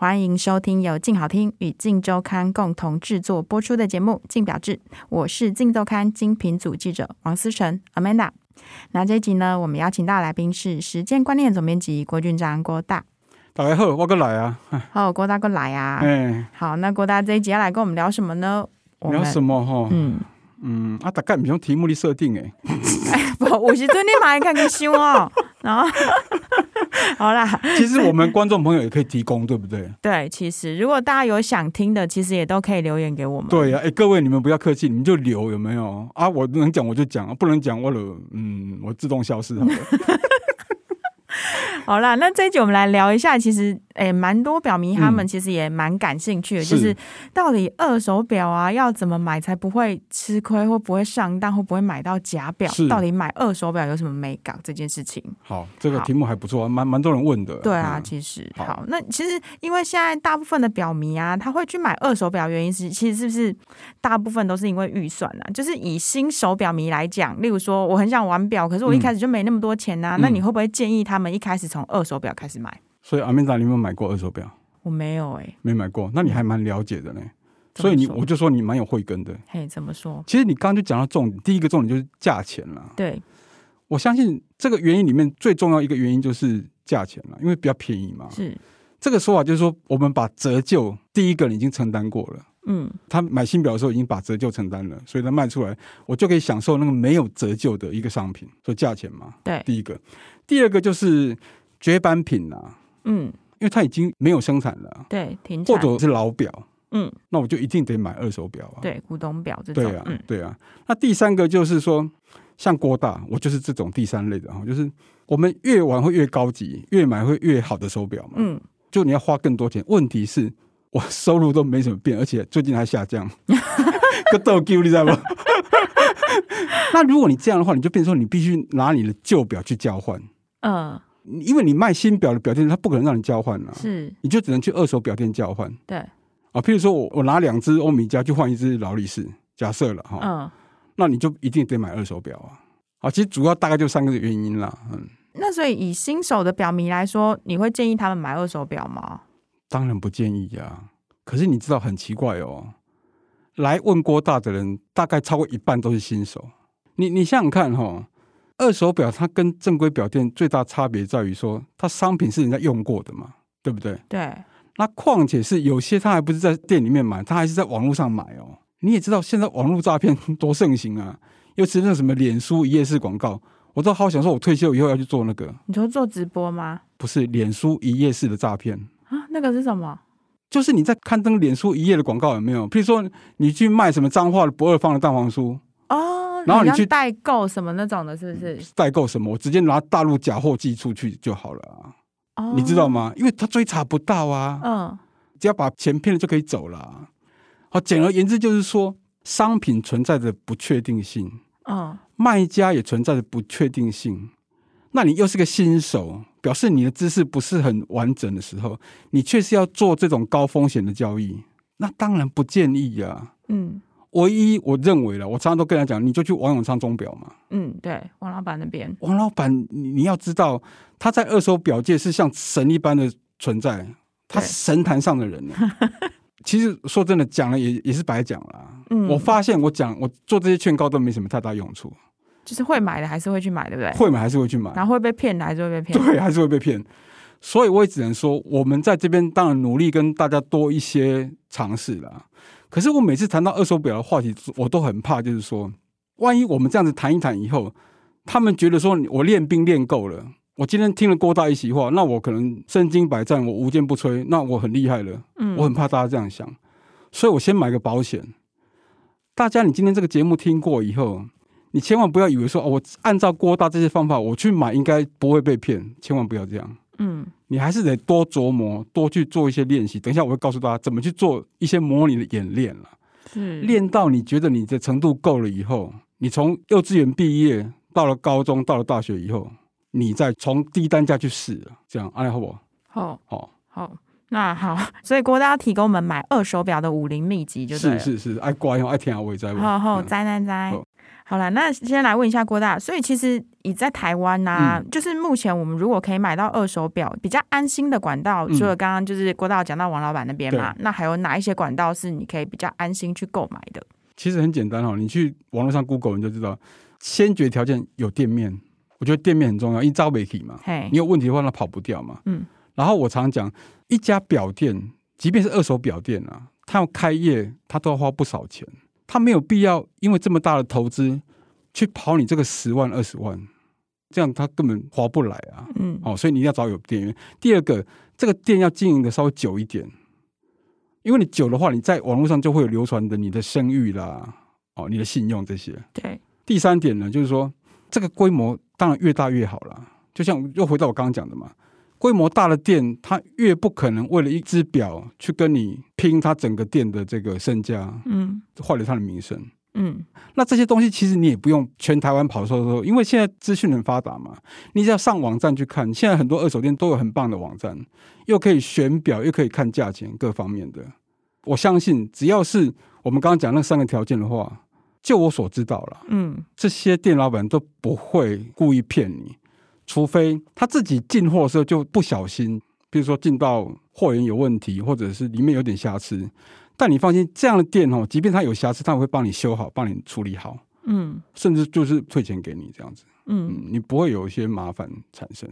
歡迎收聽由鏡好聽與鏡週刊共同製作播出的節目《鏡錶誌》，我是鏡週刊精品組記者王思成 Amanda。那這一集呢，我們邀請到的來賓是時間觀念總編輯郭峻彰郭大。大家好，我過來啊。好，郭大過來啊。欸、好，那郭大這一集要來跟我們聊什麼呢？聊什麼哈？們嗯嗯，啊，大概唔像題目的設定 哎。不，我是昨天買看個新號，然後。好啦，其實我們觀眾朋友也可以提供，對不對？對，其實如果大家有想聽的，其實也都可以留言給我們。對呀、啊，哎，各位你們不要客氣，你們就留有沒有啊？我能講我就講，不能講我了，嗯，我自動消失好了。 好啦，那這一集我們來聊一下，其實。誒，蠻、欸、多錶迷，嗯、他們其實也蠻感興趣的，是就是到底二手錶啊，要怎麼買才不會吃虧，會不會上當，會不會買到假錶？是到底買二手錶有什麼眉角，這件事情。好，這個題目還不錯，好蠻蠻多人問的。對啊，嗯、其實好，好，那其實因為現在大部分的錶迷啊，他會去買二手錶，原因是其實是不是大部分都是因為預算啊？就是以新手錶迷來講，例如說我很想玩錶，可是我一開始就沒那麼多錢吶、啊，嗯、那你會不會建議他們一開始從二手錶開始買？所以阿明達，你有沒有買過二手錶？我沒有哎、欸，沒買過。那你還蠻了解的呢？嗯、所以你我就說你蠻有慧根的。嘿，怎麼說？其實你剛剛就講到重點，第一個重點就是價錢了。對，我相信這個原因裡面最重要一個原因就是價錢了，因為比較便宜嘛。是這個說法就是說，我們把折舊第一個已經承擔過了。嗯，他買新錶的時候已經把折舊承擔了，所以他賣出來，我就可以享受那個沒有折舊的一個商品，所以價錢嘛。對，第一個，第二個就是絕版品啊。嗯，因為它已經沒有生產了，啊，對，停產，或者是老錶，嗯，那我就一定得買二手錶啊，對，古董錶這種，對啊，對啊。那第三個就是說，像郭大，我就是這種第三類的啊，就是我們越玩會越高級，越買會越好的手錶嘛，嗯，就你要花更多錢。問題是，我收入都沒什麼變，而且最近還下降，逗 Q，你知道嗎？ 那如果你這樣的話，你就變成說你必須拿你的舊錶去交換，嗯、呃。因為你賣新表的表店，他不可能讓你交換啦、啊，是，你就只能去二手表店交換。對，啊，譬如說我我拿兩隻歐米茄去換一隻勞力士，假設了哈，嗯、那你就一定得買二手表啊。啊，其實主要大概就三個原因啦，嗯。那所以以新手的表迷來說，你會建議他們買二手表嗎？當然不建議啊。可是你知道很奇怪哦，來問郭大的人，大概超過一半都是新手。你你想想看哈、哦。二手錶它跟正規錶店最大差別在於說，它商品是人家用過的嘛，對不對？對。那況且是有些他還不是在店裡面買，他還是在網絡上買哦。你也知道現在網絡詐騙多盛行啊，尤其是那什麼臉書一頁式廣告，我都好想說，我退休以後要去做那個。你說做直播嗎？不是，臉書一頁式的詐騙啊？那個是什麼？就是你在刊登臉書一頁的廣告有沒有？譬如說你去賣什麼彰化的不二坊的蛋黃酥。然後你去代購什麼那種的，是不是？代購什麼，我直接拿大陸假貨寄出去就好了啊！哦、你知道嗎？因為他追查不到啊。嗯。只要把錢騙了就可以走了、啊。好，簡而言之就是說，對商品存在着不確定性，嗯，哦、賣家也存在着不確定性。那你又是個新手，表示你的知識不是很完整的時候，你卻是要做這種高風險的交易，那當然不建議啊。嗯。唯一我認為了，我常常都跟他講，你就去王永昌鐘錶嘛。嗯，對，王老闆那邊。王老闆，你，你要知道他在二手錶界是像神一般的存在，對他是神壇上的人 其實說真的，講了也也是白講了。嗯，我發現我講我做這些勸告都沒什麼太大用處。就是會買的還是會去買，對不對？會買還是會去買，然後會被騙的還是會被騙。對，還是會被騙。 所以我也只能說，我們在這邊當然努力跟大家多一些嘗試了。可是我每次談到二手錶的話題，我都很怕，就是說，萬一我們這樣子談一談以後，他們覺得說我練兵練夠了，我今天聽了郭大一席話，那我可能身經百戰，我無堅不摧，那我很厲害了。嗯，我很怕大家這樣想，嗯，所以我先買個保險。大家，你今天這個節目聽過以後，你千萬不要以為說，哦，我按照郭大這些方法我去買，應該不會被騙，千萬不要這樣。嗯，你還是得多琢磨，多去做一些練習。等一下我會告訴大家怎麼去做一些模擬的演練了。是，練到你覺得你的程度夠了以後，你從幼稚園畢業到了高中，到了大學以後，你再從低單價去試，這樣，好不好？好，好，好，好好那好，所以郭大要提供我們買二手錶的武林秘籍就對，就是是是是，愛乖哦，愛聽我也在在在在。好了，那先來問一下郭大。所以其實你在台灣吶、啊，嗯、就是目前我們如果可以買到二手錶，比較安心的管道，除了剛剛就是郭大講到王老闆那邊嘛，嗯、那還有哪一些管道是你可以比較安心去購買的？其實很簡單哈、哦，你去網絡上 Google 你就知道。先決條件有店面，我覺得店面很重要，因為，招媒體嘛，你有問題的話，那跑不掉嘛。嗯。然後我常常講，一家錶店，即便是二手錶店啊，他要開業，他都要花不少錢。他沒有必要因為這麼大的投資去跑你這個十萬二十萬，這樣他根本划不來啊。嗯，哦，所以你一定要找有店員。第二個，這個店要經營的稍微久一點，因為你久的話，你在網絡上就會有流傳的你的聲譽啦，哦，你的信用這些。對第三點呢，就是說這個規模當然越大越好啦，就像又回到我剛剛講的嘛。規模大的店，他越不可能為了一隻錶去跟你拼他整個店的這個身家，嗯，壞了他的名聲，嗯。那這些東西其實你也不用全台灣跑的時候，因為現在資訊很發達嘛，你只要上網站去看，現在很多二手店都有很棒的網站，又可以選錶，又可以看價錢，各方面的。我相信，只要是我們剛剛講那三個條件的話，就我所知道啦，嗯，這些店老板都不會故意騙你。除非他自己進貨的時候就不小心，比如說進到貨源有問題，或者是裡面有點瑕疵，但你放心，這樣的店哦，即便他有瑕疵，他會幫你修好，幫你處理好，嗯，甚至就是退錢給你這樣子，嗯，你不會有一些麻煩產生。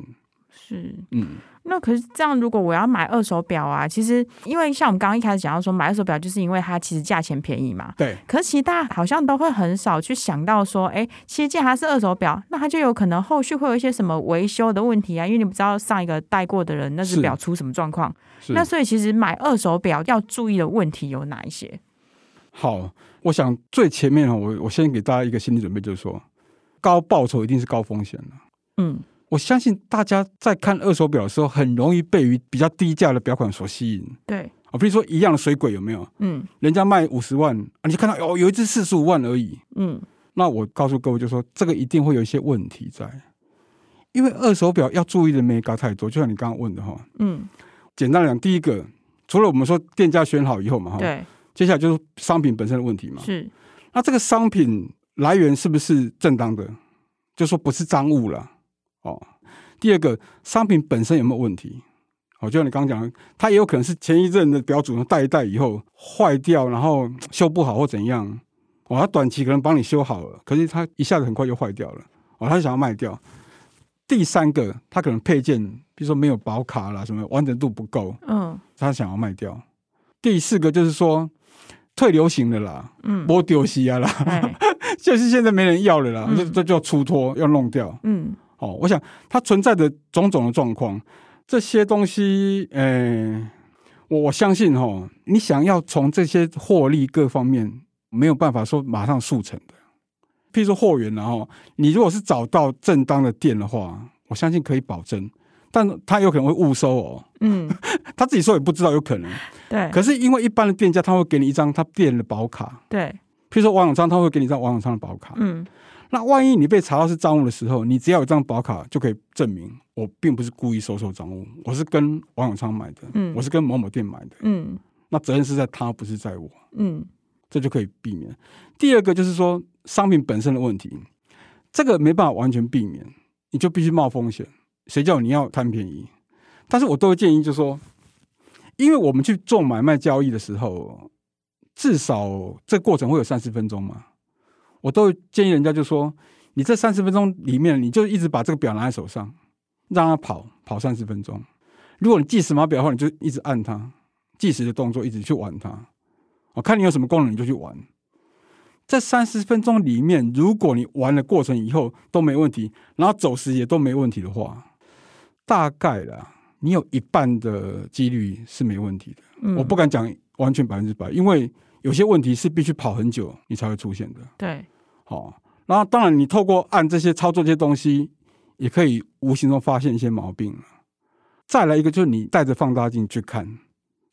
是，嗯，那可是這樣，如果我要買二手錶啊，其實因為像我們剛剛一開始講到說，買二手錶就是因為它其實價錢便宜嘛。對。可是，其實大家好像都會很少去想到說，哎、欸，其實既然它是二手錶，那它就有可能後續會有一些什麼維修的問題啊，因為你不知道上一個戴過的人，那隻錶出什麼狀況。那所以，其實買二手錶要注意的問題有哪一些？好，我想最前面，我我先給大家一個心理準備，就是說，高報酬一定是高風險的。嗯。我相信大家在看二手錶的時候，很容易被於比較低價的錶款所吸引。對，啊，比如說一樣的水鬼有沒有？嗯，人家賣五十萬，啊，你就看到哦，有一隻四十五萬而已。嗯，那我告訴各位就，就說這個一定會有一些問題在，因為二手錶要注意的眉角太多。就像你剛剛問的哈，嗯，簡單來講，第一個，除了我們說店家選好以後嘛，哈，對，接下來就是商品本身的問題嘛，是。那這個商品來源是不是正當的？就說不是贓物了。哦，第二個商品本身有沒有問題？哦，就像你剛剛講，它也有可能是前一陣的錶主戴一戴以後壞掉，然後修不好或怎樣。哦，他短期可能幫你修好了，可是他一下子很快就壞掉了。哦，他想要賣掉。第三個，他可能配件，比如說沒有保卡啦，什麼完整度不夠，嗯、它他想要賣掉。第四個就是說退流行了啦，嗯，我丟棄啊啦，嘿 就是現在沒人要了啦，這、嗯、就叫出脫要弄掉，嗯。我想它存在的種種的狀況，這些東西，欸、我相信哈、哦，你想要從這些獲利各方面，沒有辦法說馬上速成的。譬如說貨源、啊，然後你如果是找到正當的店的話，我相信可以保證，但他有可能會誤收哦。嗯， 他自己說也不知道有可能。對，可是因為一般的店家，他會給你一張他店的保卡。對，譬如說王永昌，他會給你一張王永昌的保卡。嗯。那萬一你被查到是贓物的時候，你只要有張保卡就可以證明我並不是故意收受贓物，我是跟王永昌買的，嗯、我是跟某某店買的，嗯、那責任是在他，不是在我，嗯、這就可以避免。第二個就是說商品本身的問題，這個沒辦法完全避免，你就必須冒風險，誰叫你要貪便宜？但是我都會建議，就是說，因為我們去做買賣交易的時候，至少這個過程會有三十分鐘嘛。我都建議人家就說：“你這三十分鐘裡面，你就一直把這個表拿在手上，讓它跑跑三十分鐘。如果你計時碼表的話，你就一直按它計時的動作，一直去玩它。我看你有什麼功能，你就去玩。這三十分鐘裡面，如果你玩的過程以後都沒問題，然後走時也都沒問題的話，大概啦，你有一半的幾率是沒問題的。嗯。我不敢講完全百分之百，因為。”有些問題是必須跑很久你才會出現的。對，好，然後當然你透過按這些操作這些東西，也可以無形中發現一些毛病。再來一個就是你帶着放大鏡去看，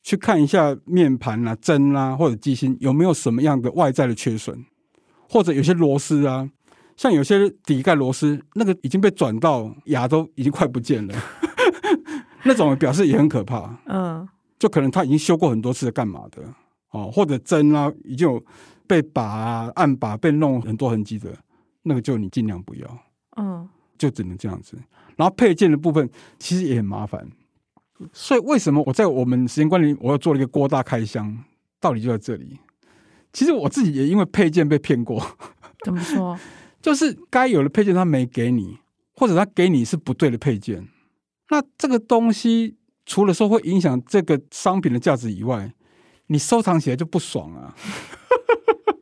去看一下面盤啊、針啊或者機芯有沒有什麼樣的外在的缺損，或者有些螺絲啊，像有些底蓋螺絲那個已經被轉到牙都已經快不見了， 那種表示也很可怕。嗯，就可能他已經修過很多次幹嘛的。哦，或者針啊，已經有被拔啊、按拔、啊、被弄很多痕跡的，那個就你盡量不要。嗯，就只能這樣子。然後配件的部分其實也很麻煩，所以為什麼我在我們時間觀念，我又做了一個郭大開箱，道理就在這裡。其實我自己也因為配件被騙過。怎麼說？ 就是該有的配件他沒給你，或者他給你是不對的配件。那這個東西除了說會影響這個商品的價值以外，你收藏起來就不爽啊，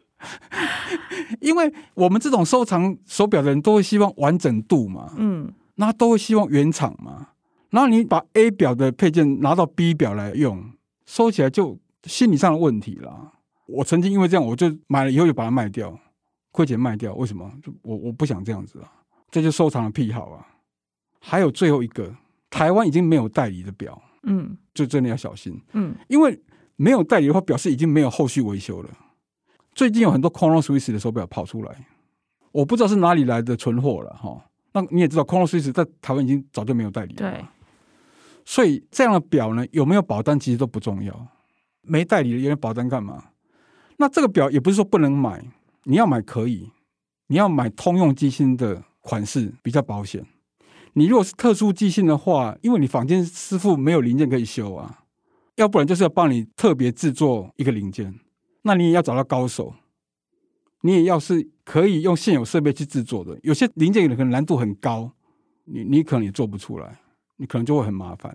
因為我們這種收藏手錶的人都會希望完整度嘛，嗯，那都會希望原廠嘛，然後你把 A 錶的配件拿到 B 錶來用，收起來就心理上的問題啦。我曾經因為這樣，我就買了以後就把它賣掉，虧錢賣掉，為什麼？我我不想這樣子啊，這就收藏的癖好啊。還有最後一個，台灣已經沒有代理的錶，嗯，就真的要小心，嗯，因為。沒有代理的話，表示已經沒有後續維修了。最近有很多 Chronoswiss 的手錶跑出來，我不知道是哪裡來的存貨了哈。那你也知道，Chronoswiss 在台灣已經早就沒有代理了。所以這樣的錶呢，有沒有保單其實都不重要。沒代理的，有沒有保單幹嘛？那這個錶也不是說不能買，你要買可以。你要買通用機芯的款式比較保險。你如果是特殊機芯的話，因為你坊間師傅沒有零件可以修啊。要不然就是要幫你特別製作一個零件，那你也要找到高手，你也要是可以用現有設備去製作的。有些零件可能難度很高，你你可能也做不出來，你可能就會很麻煩。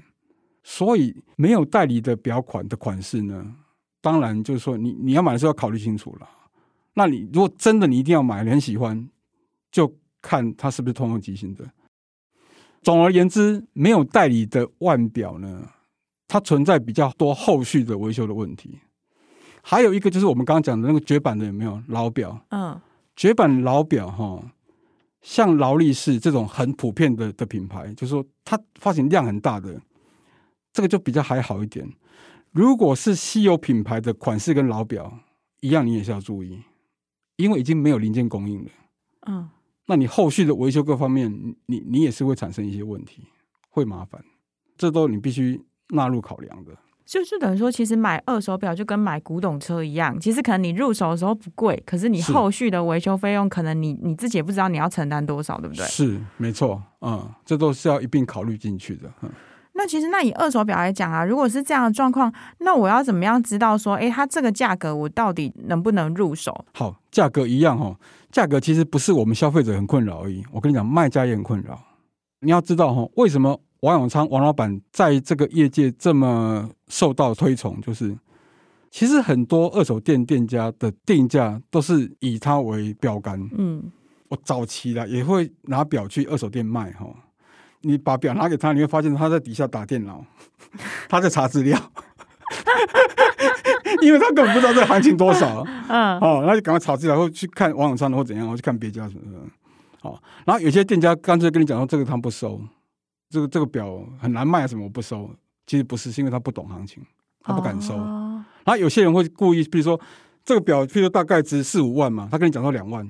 所以沒有代理的錶款的款式呢，當然就是說你你要買的時候要考慮清楚了。那你如果真的你一定要買，很喜歡，就看它是不是通用機芯的。總而言之，沒有代理的腕錶呢。它存在比較多後續的維修的問題，還有一個就是我們剛剛講的那個絕版的有沒有老錶？嗯，絕版老錶哈，像勞力士這種很普遍的的品牌，就是說它發行量很大的，這個就比較還好一點。如果是稀有品牌的款式跟老錶一樣，你也是要注意，因為已經沒有零件供應了。嗯，那你後續的維修各方面，你你也是會產生一些問題，會麻煩。這都你必須納入考量的，就是等於說，其實買二手表就跟買古董車一樣。其實可能你入手的時候不貴，可是你後續的維修費用，可能你你自己也不知道你要承擔多少，對不對？是，沒錯，嗯，這都是要一併考慮進去的。嗯，那其實那以二手表來講啊，如果是這樣的狀況，那我要怎麼樣知道說，誒，它這個價格我到底能不能入手？好，價格一樣哈，價格其實不是我們消費者很困擾而已。我跟你講，賣家也很困擾。你要知道哈，為什麼？王永昌，王老闆在這個業界這麼受到推崇，就是其實很多二手店店家的定價都是以他為標杆。嗯，我早期了也會拿錶去二手店賣哈、哦，你把錶拿給他，你會發現他在底下打電腦， 他在查資料， 因為他根本不知道這個行情多少啊，嗯、哦，那就趕快查資料或去看王永昌的或怎樣，或去看別家什麼什麼，好、哦，然後有些店家乾脆跟你講說這個他不收。這個這個錶很難賣、啊、什麼我不收。其實不是，是因為他不懂行情，他不敢收。啊、然後有些人會故意，比如說這個錶，譬如大概值四五萬嘛，他跟你講到兩萬，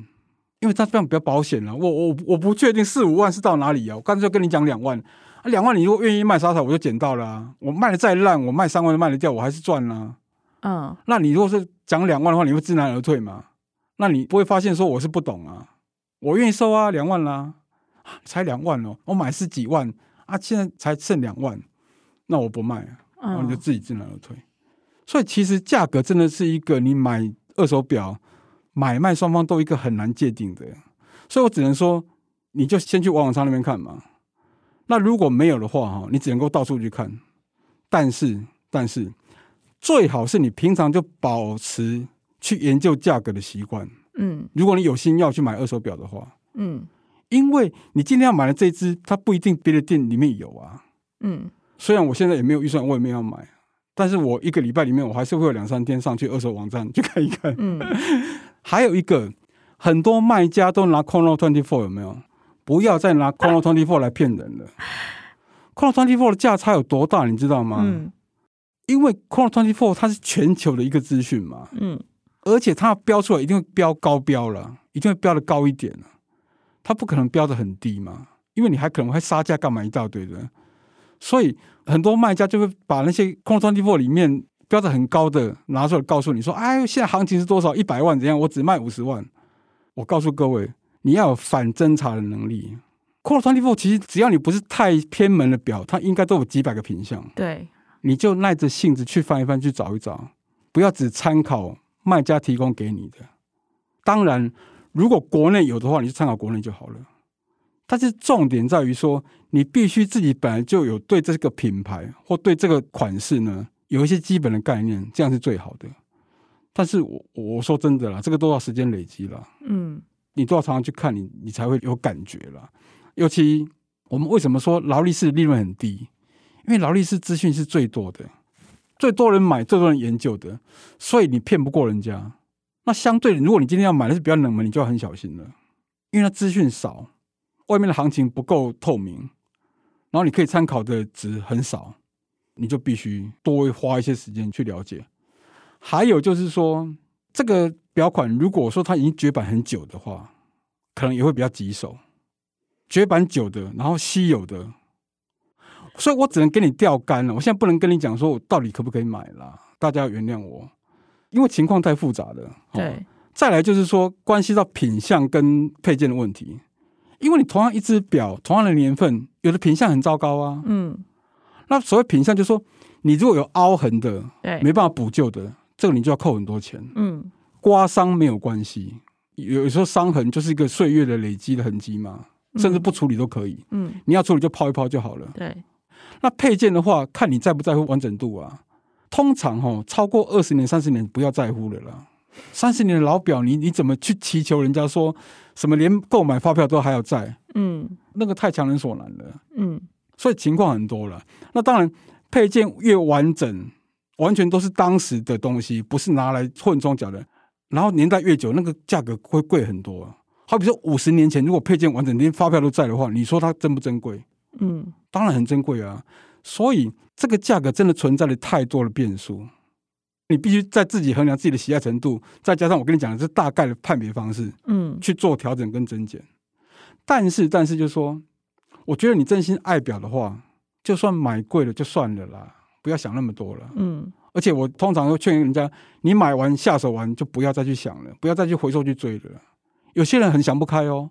因為他這樣比較保險了、啊。我我我不確定四五萬是到哪裡啊，我乾脆跟你講兩萬。啊，兩萬你如果願意賣莎莎我就撿到了、啊。我賣的再爛，我賣三萬都賣得掉，我還是賺了、啊。嗯，那你如果是講兩萬的話，你會知難而退嘛？那你不會發現說我是不懂啊，我願意收啊，兩萬啦、啊啊，才兩萬哦，我買是幾萬。啊，現在才剩兩萬，那我不賣啊，我、嗯、就自己自然而退。所以其實價格真的是一個你買二手錶買賣雙方都一個很難界定的。所以我只能說，你就先去網網商那邊看嘛。那如果沒有的話，你只能夠到處去看。但是但是，最好是你平常就保持去研究價格的習慣。嗯，如果你有心要去買二手錶的話，嗯。因為你今天要買的這隻，它不一定別的店裡面有啊。嗯，雖然我現在也沒有預算，我也沒有買，但是我一個禮拜裡面，我還是會有兩三天上去二手網站去看一看。嗯，還有一個，很多賣家都拿 Chrono24 有沒有？不要再拿 Chrono24 來騙人了。 Chrono24 的價差有多大？你知道嗎？嗯，因為 Chrono24 它是全球的一個資訊嘛。嗯，而且它標出來一定會標高標了，一定會標的高一點了。他不可能標的很低嘛，因為你還可能會殺價，幹嘛一大堆的，所以很多賣家就會把那些 Chrono24 裡面標的很高的拿出來，告訴你說：“哎，現在行情是多少？一百萬怎樣？我只賣五十萬。”我告訴各位，你要有反偵查的能力。Chrono24 其實只要你不是太偏門的表，它應該都有幾百個品相。對，你就耐着性子去翻一翻，去找一找，不要只參考賣家提供給你的。當然。如果國內有的話，你就參考國內就好了。但是重點在於說，你必須自己本來就有對這個品牌或對這個款式呢有一些基本的概念，這樣是最好的。但是我我說真的啦，這個都要時間累積了？嗯，你都要常常去看，你你才會有感覺了。尤其我們為什麼說勞力士利潤很低？因為勞力士資訊是最多的，最多人買，最多人研究的，所以你騙不過人家。那相對的，如果你今天要買的是比較冷門，你就要很小心了，因為它資訊少，外面的行情不夠透明，然後你可以參考的值很少，你就必須多花一些時間去了解。還有就是說，這個表款如果說它已經絕版很久的話，可能也會比較棘手，絕版久的，然後稀有的，所以我只能給你釣竿了。我現在不能跟你講說我到底可不可以買了，大家要原諒我。因為情況太複雜了，哦、對。再來就是說，關係到品相跟配件的問題。因為你同樣一隻錶，同樣的年份，有的品相很糟糕啊。嗯。那所謂品相，就是說你如果有凹痕的，對沒辦法補救的，這個你就要扣很多錢。嗯。刮傷沒有關係，有時候傷痕就是一個歲月的累積的痕跡嘛，嗯、甚至不處理都可以。嗯。你要處理就拋一拋就好了。對。那配件的話，看你在不在乎完整度啊。通常哦，超過二十年、三十年不要在乎的了啦，三十年的老錶，你你怎麼去祈求人家說什麼？連購買發票都還要在，嗯，那個太強人所難了，嗯。所以情況很多了。那當然，配件越完整，完全都是當時的東西，不是拿來混裝假的。然後年代越久，那個價格會貴很多啊。好比說五十年前，如果配件完整、連發票都在的話，你說它珍不珍貴？嗯，當然很珍貴啊。所以這個價格真的存在了太多的變數，你必須在自己衡量自己的喜愛程度，再加上我跟你講的是大概的判別方式，嗯，去做調整跟增減。但是，但是就是說，我覺得你真心愛錶的話，就算買貴了就算了啦，不要想那麼多了，嗯。而且我通常會勸人家，你買完下手完就不要再去想了，不要再去回收去追了。有些人很想不開哦，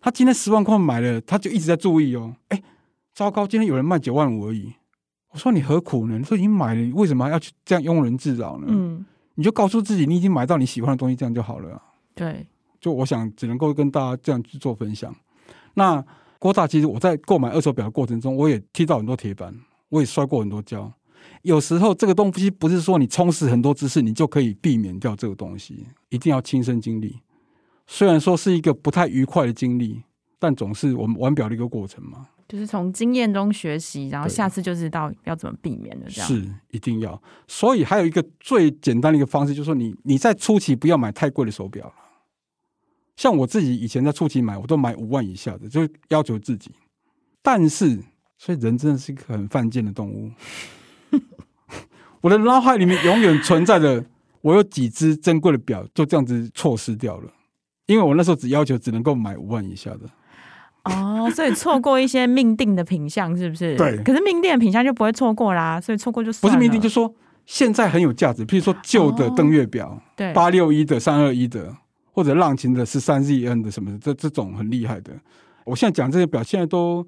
他今天十萬塊買了，他就一直在注意哦，哎、欸。糟糕，今天有人賣九萬五而已。我說你何苦呢？你說已經買了，你為什麼還要去這樣庸人自擾呢？嗯。你就告訴自己，你已經買到你喜歡的東西，這樣就好了啊。對，就我想只能夠跟大家這樣去做分享。那郭大，其實我在購買二手表的過程中，我也踢到很多鐵板，我也摔過很多跤。有時候這個東西不是說你充實很多知識，你就可以避免掉這個東西，一定要親身經歷。雖然說是一個不太愉快的經歷，但總是我們玩表的一個過程嘛。就是從經驗中學習，然後下次就知道要怎麼避免的這樣。是，一定要。所以還有一個最簡單的一個方式，就是說你你在初期不要買太貴的手錶了。像我自己以前在初期買，我都買五萬以下的，就要求自己。但是，所以人真的是一個很犯賤的動物。 我的腦海裡面永遠存在着，我有幾隻珍貴的錶就這樣子錯失掉了，因為我那時候只要求只能夠買五萬以下的。哦， oh, 所以錯過一些命定的品相是不是？ 對，可是命定的品相就不會錯過啦，所以錯過就是不是命定，就說現在很有價值，譬如說舊的登月表，oh, 對，八六一的、三二一的，或者浪琴的、十三 ZN 的什麼的，這這種很厲害的。我現在講這些表，現在都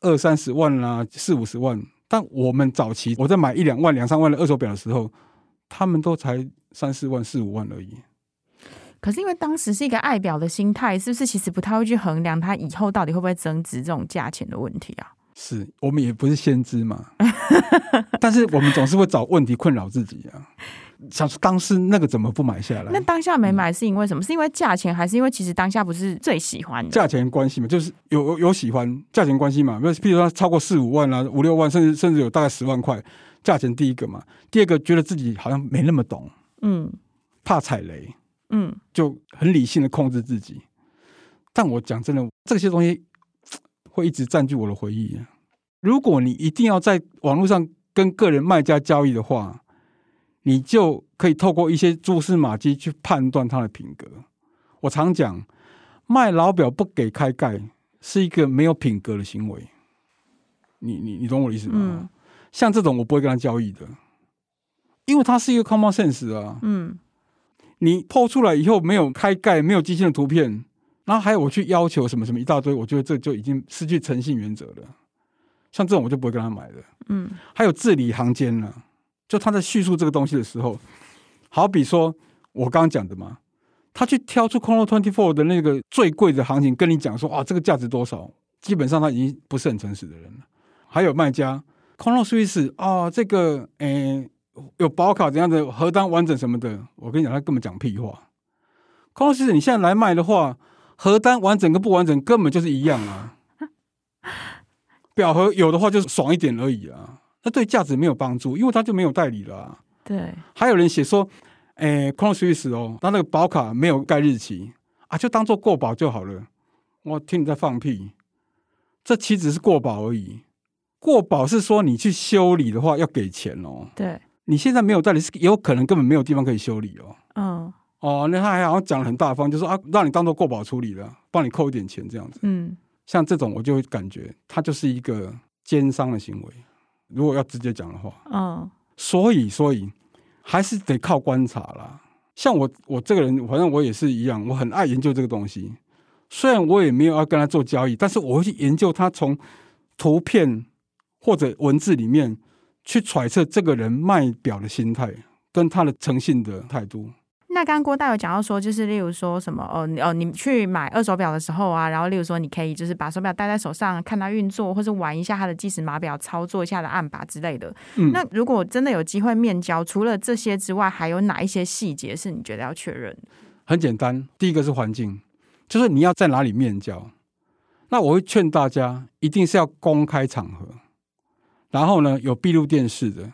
二三十萬啦，四五十萬。但我們早期我在買一兩萬、兩三萬的二手表的時候，他們都才三四萬、四五萬而已。可是因為當時是一個愛錶的心態，是不是？其實不太會去衡量它以後到底會不會增值這種價錢的問題啊？是我們也不是先知嘛， 但是我們總是會找問題困擾自己啊。想說當時那個怎麼不買下來？那當下沒買是因為什麼？嗯、是因為價錢還是因為其實當下不是最喜歡的？價錢關係嘛，就是有有有喜歡價錢關係嘛。比如譬如說超過四五萬啊、五六萬，甚至甚至有大概十萬塊，價錢第一個嘛，第二個覺得自己好像沒那麼懂，嗯，怕踩雷。嗯，就很理性的控制自己，但我講真的，這些東西會一直佔據我的回憶。如果你一定要在網絡上跟個人賣家交易的話，你就可以透過一些蛛絲馬跡去判斷他的品格。我常講，賣老表不給開蓋是一個沒有品格的行為。你你你懂我的意思嗎？嗯、像這種我不會跟他交易的，因為他是一個 common sense 啊。嗯。你剖出來以後沒有開蓋、沒有機芯的圖片，然後還有我去要求什麼什麼一大堆，我覺得這就已經失去誠信原則了。像這種我就不會跟他買了。嗯，還有字裡行間呢、啊，就他在敘述這個東西的時候，好比說我剛剛講的嘛，他去挑出 Chrono24 的那個最貴的行情，跟你講說啊這個價值多少，基本上他已經不是很誠實的人了。還有賣家 Chrono Swiss 啊這個嗯、欸有保卡怎樣的核單完整什麼的，我跟你講，他根本講屁話。Chronoswiss，你現在來賣的話，核單完整跟不完整根本就是一樣啊。 錶盒有的話就是爽一點而已啊，那對價值沒有幫助，因為他就沒有代理了、啊。對，還有人寫說，哎、欸，Chronoswiss 哦，他那個保卡沒有蓋日期啊，就當做過保就好了。我聽你在放屁，這豈止是過保而已？過保是說你去修理的話要給錢哦。對。你現在沒有代理是有可能根本沒有地方可以修理哦。嗯，哦，那他還好像講了很大方，就是說啊，讓你當做過保處理了，幫你扣一點錢這樣子。嗯，mm. 像這種我就會感覺他就是一個奸商的行為。如果要直接講的話，嗯，oh.，所以所以還是得靠觀察啦。像我我這個人，反正我也是一樣，我很愛研究這個東西。雖然我也沒有要跟他做交易，但是我會去研究他，從圖片或者文字裡面去揣測這個人賣錶的心態跟他的誠信的態度。那剛剛郭大有講到說，就是例如說什麼哦哦，你去買二手錶的時候啊，然後例如說你可以就是把手錶戴在手上，看他運作，或是玩一下他的計時碼錶，操作一下的按把之類的。嗯，那如果真的有機會面交，除了這些之外，還有哪一些細節是你覺得要確認？很簡單，第一個是環境，就是你要在哪裡面交。那我會勸大家，一定是要公開場合。然後呢，有閉路電視的，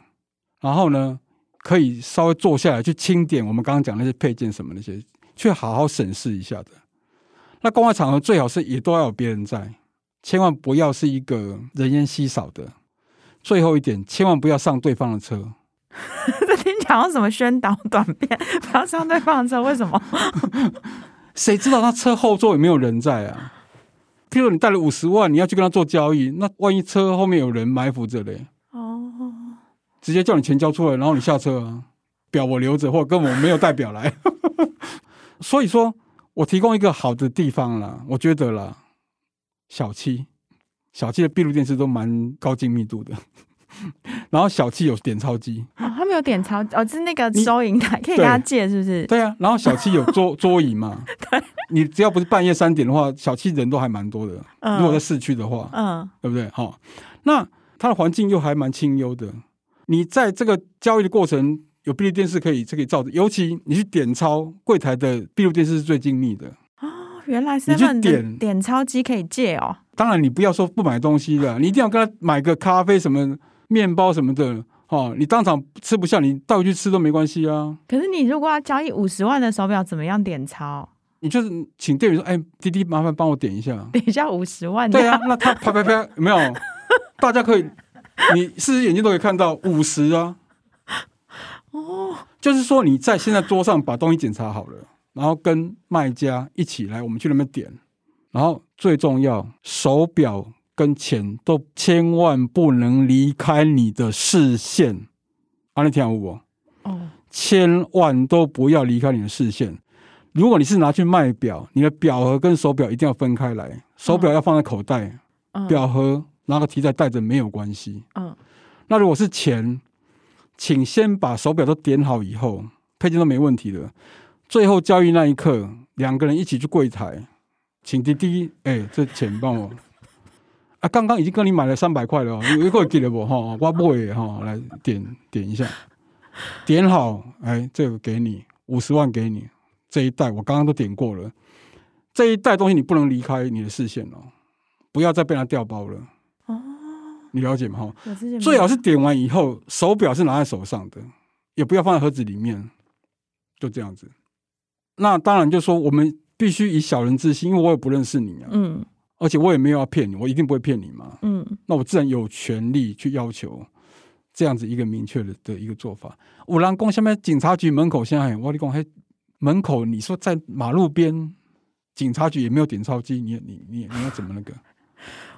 然後呢，可以稍微坐下來去清點我們剛剛講的那些配件什麼那些，去好好審視一下的。那公開場合最好是也都要有別人在，千萬不要是一個人煙稀少的。最後一點，千萬不要上對方的車。在 聽講什麼宣導短片，不要上對方的車，為什麼？ 誰知道他車後座有沒有人在啊？譬如你帶了五十萬，你要去跟他做交易，那萬一車後面有人埋伏着嘞？哦，oh. 直接叫你錢交出來，然後你下車啊，表我留着，或者根本沒有帶表來。 所以說我提供一個好的地方啦，我覺得啦，小七，小七的閉路電視都蠻高精密度的。 然後小七有點鈔機哦，他們有點鈔哦，就是那個收銀台你可以給他借，是不是對？對啊。然後小七有桌 桌椅嘛， 對 你只要不是半夜三點的話，小七人都還蠻多的。嗯，如果在市區的話，嗯，對不對？哈，那它的環境又還蠻清幽的。你在這個交易的過程有閉路電視可以，這可以照的。尤其你去點鈔櫃台的閉路電視是最精密的。哦，原來是他你。就點點鈔機可以借哦。當然，你不要說不買東西了，你一定要跟他買個咖啡什麼。麵包什麼的、哦，你當場吃不下，你倒回去吃都沒關係啊。可是你如果要交易五十萬的手錶，怎麼樣點鈔？你就是請店員說：“哎、欸，弟弟，麻煩幫我點一下，等一下五十萬。”對啊，那他啪啪啪， 有沒有， 大家可以，你四隻眼睛都可以看到五十啊。 哦，就是說你在現在桌上把東西檢查好了，然後跟賣家一起來，我們去那邊點，然後最重要手錶跟錢都千萬不能離開你的視線，啊，你聽我說哦，嗯、千萬都不要離開你的視線。如果你是拿去賣表，你的表盒跟手表一定要分開來，手表要放在口袋，表盒、嗯、拿個提袋帶着沒有關係。嗯，那如果是錢，請先把手表都點好以後，配件都沒問題的。最後交易那一刻，兩個人一起去櫃台，請滴滴，哎、欸，這錢幫我。 啊，剛剛已經跟你買了三百塊了，喔，有一個記得 我，哈，我不會哈，來點點一下，點好，哎，欸，這個給你五十萬，給你這一袋，我剛剛都點過了。這一袋東西你不能離開你的視線哦，喔，不要再被它掉包了。哦，你了解嗎？最好是點完以後，手錶是拿在手上的，也不要放在盒子裡面，就這樣子。那當然，就是說我們必須以小人之心，因為我也不認識你啊。嗯而且我也沒有要騙你，我一定不會騙你嘛。嗯，那我自然有權利去要求這樣子一個明確的的一個做法。我剛講下面警察局門口，現在我跟你講還門口，你說在馬路邊警察局也沒有點鈔機，你你你你要怎麼那個？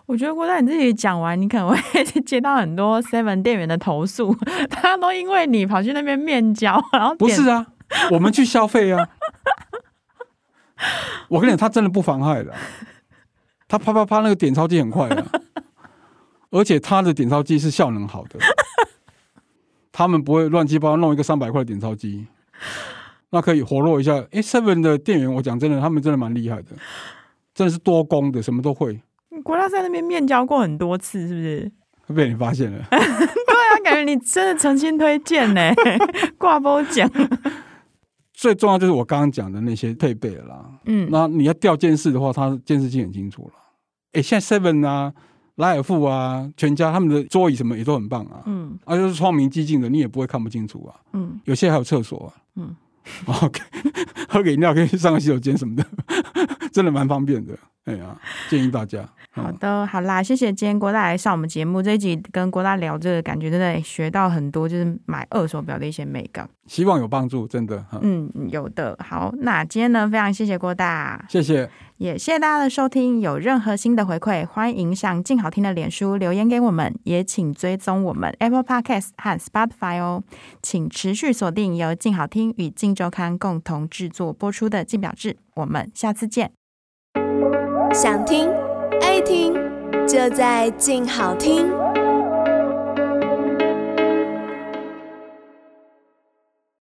我覺得郭大你自己講完，你可能會接到很多 Seven 店員的投訴，他都因為你跑去那邊面交，然後不是啊，我們去消費啊。 我跟你講，他真的不妨害的。他啪啪啪那個點鈔機很快的，啊，而且他的點鈔機是效能好的，他們不會亂七八糟弄一個三百塊的點鈔機，那可以活絡一下，欸。哎，seven 的店員我講真的，他們真的蠻厲害的，真的是多工的，什麼都會。你郭大在那邊面交過很多次，是不是？ 被你發現了。 對啊，感覺你真的誠心推薦呢，欸，掛波獎。最重要就是我剛剛講的那些配備了啦，嗯，那你要調監視的話，它監視器很清楚了。哎，現在 Seven 啊、萊爾富啊、全家他們的桌椅什麼也都很棒啊，嗯，而、啊、就是窗明幾淨的，你也不會看不清楚啊，嗯，有些還有廁所啊，嗯，OK， 喝個飲料可以上個洗手間什麼的，真的蠻方便的。哎呀，建議大家。好的，嗯、好啦，謝謝今天郭大來上我們節目，這一集跟郭大聊這個，感覺真的學到很多，就是買二手表的一些眉角。希望有幫助，真的。嗯，有的。好，那今天呢，非常謝謝郭大，謝謝，也謝謝大家的收聽。有任何新的回饋，歡迎向靜好聽的臉書留言給我們，也請追蹤我們 Apple Podcast 和 Spotify 哦。請持續鎖定由靜好聽與靜週刊共同製作播出的《靜表志》，我們下次見。想聽、愛聽，就在靜好聽。